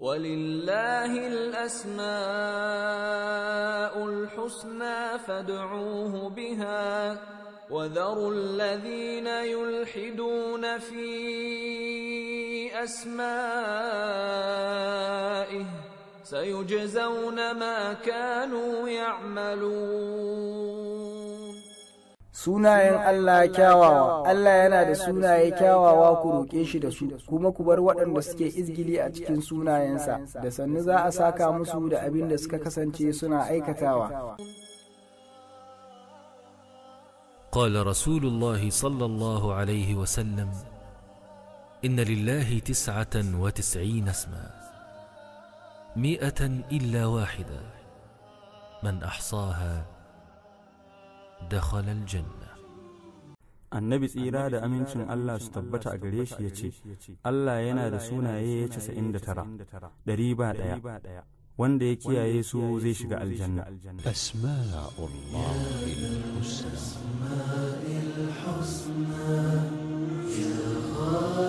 ولله الاسماء الحسنى فادعوه بها وذروا الذين يلحدون في اسمائه سيجزون ما كانوا يعملون sunayen Allah kyawawa Allah yana da sunaye kyawawa ku roƙe shi da su kuma ku bar waɗanda suke izgili a cikin sunayensa da sannu za a saka musu da abin da suka kasance suna aikatawa قال رسول الله صلى الله عليه وسلم إن لله تسعة وتسعين اسما مئة إلا واحدة من أحصاها دخل الجنة النبي صلى أمين شن الله استبتا أغريش يتي الله ينا دسونا يتي سئن دترا دريبا ديا وان ديكي يا يسو زيشق الجنة أسماء الله الحسنى أسماء الحسنى يا خالد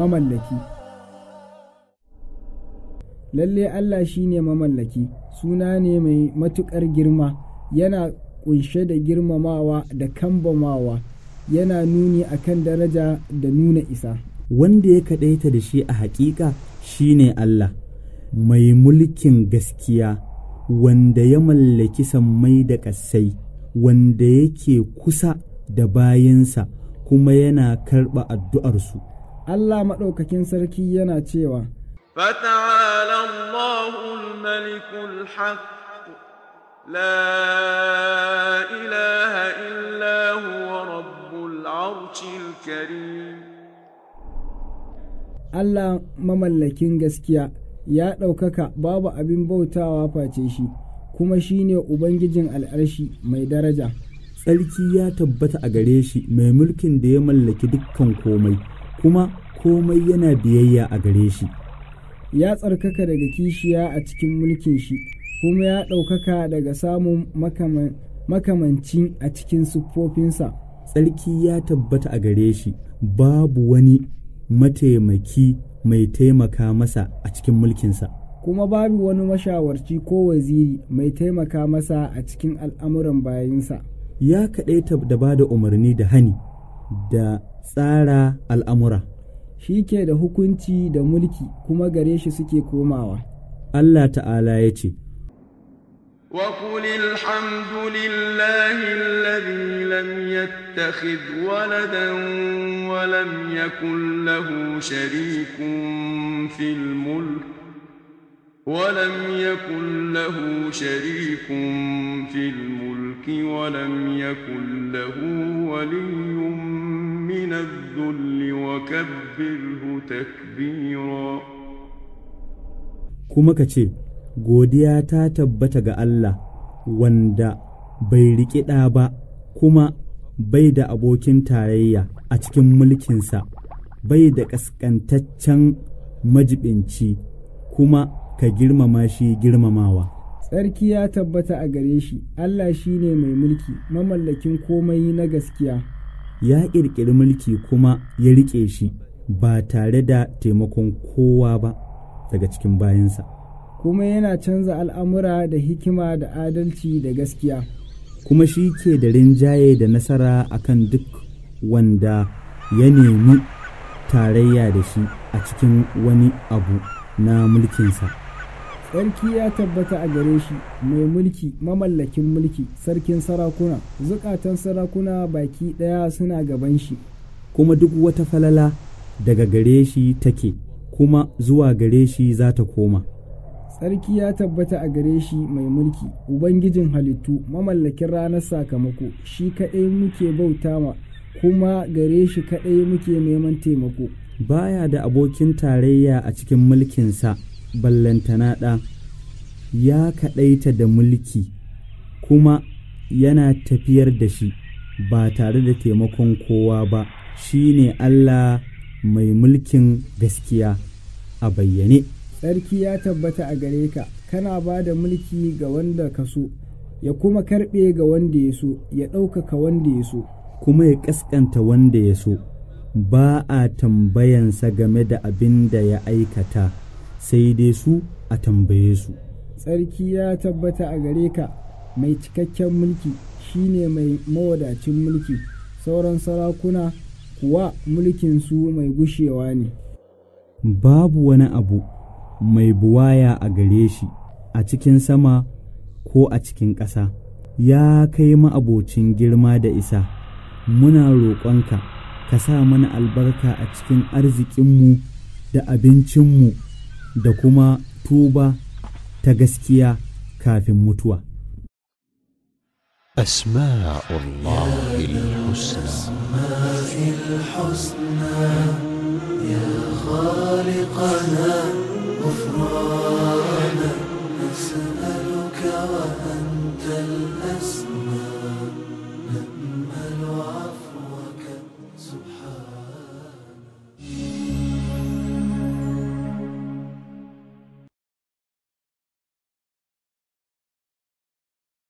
mamallaki lalle Allah shine mamallaki suna ne mai matuƙar girma yana ƙunshe da girmamawa da kambamawa yana nuni akan daraja da nuna isa wanda ya kaɗaita da shi a haƙiƙa ne Allah mai mulkin gaskiya wanda ya mallaki sammai da ƙasai wanda yake kusa da bayansa kuma yana karɓa addu'arsu. Allah maɗaukakin sarki yana cewa, Fata'ala Allahul Malikul la ilaha illa huwa Rabbul Allah mamallakin gaskiya ya ɗaukaka babu abin bautawa face shi, kuma shi ne Ubangijin al'arshi mai daraja. Tsarki ya tabbata a gare shi mai mulkin da ya mallaki dukkan komai. kuma komai yana biyayya a gare shi ya tsarkaka daga kishiya a cikin mulkin shi kuma ya ɗaukaka daga samun makamanci a cikin siffofinsa tsarki ya tabbata a gare shi babu wani mataimaki mai taimaka masa a cikin mulkinsa kuma babu wani mashawarci ko waziri mai taimaka masa a cikin al'amuran bayansa ya kaɗaita da ba da umarni da hani da tsara al'amura shi ke da hukunci da mulki kuma gare shi suke komawa Allah ta'ala ya ce وقل الحمد لله الذي لم يتخذ ولدا ولم يكن له شريك في الملك ولم يكن له شريك في الملك ولم يكن له ولي من الذل وكبره تكبيرا kuma ka ce godiya ta tabbata ga Allah wanda bai riƙi ɗa ba kuma bai da abokin tarayya a cikin mulkinsa bai da ƙasƙantaccen majibinci kuma ka girmama shi girmamawa tsarki ya tabbata a gare shi Allah shi ne mai mulki mamallakin komai na gaskiya ya ƙirƙiri mulki kuma ya riƙe shi ba tare da taimakon kowa ba daga cikin bayansa. Kuma yana canza al'amura da hikima da adalci da gaskiya. Kuma shi ke da rinjaye da nasara a kan duk wanda ya nemi tarayya da shi a cikin wani abu na mulkinsa. tsarki ya tabbata a gare shi mai mulki mamallakin mulki sarkin sarakuna zukatan sarakuna baki ɗaya suna gaban shi kuma duk wata falala daga gare shi take kuma zuwa gare shi za ta koma sarki ya tabbata a gare shi mai mulki ubangijin halittu mamallakin ranar sakamako shi kaɗai muke bauta ma kuma gare shi kaɗai muke neman taimako baya da abokin tarayya a cikin mulkinsa ballantana ɗa ya kaɗaita da mulki kuma yana tafiyar da shi ba tare da taimakon kowa ba shi ne Allah mai mulkin gaskiya a bayyane. Sarki ya tabbata a gare ka, kana ba da mulki ga wanda ka so, ya kuma karɓe ga wanda ya so, ya ɗaukaka wanda ya so. Kuma ya ƙasƙanta wanda ya so, ba a tambayansa game da abin da ya aikata. sai dai su a tambaye su tsarki ya tabbata a gare ka mai cikakken mulki shine mai mawadacin mulki sauran sarakuna kuwa mulkin su mai gushewa ne babu wani abu mai buwaya a gare shi a cikin sama ko a cikin ƙasa ya kai ma'abocin girma da isa muna roƙonka ka sa mana albarka a cikin arzikinmu da abincinmu da kuma tuba ta gaskiya kafin mutuwa. أسماء الله الحسنى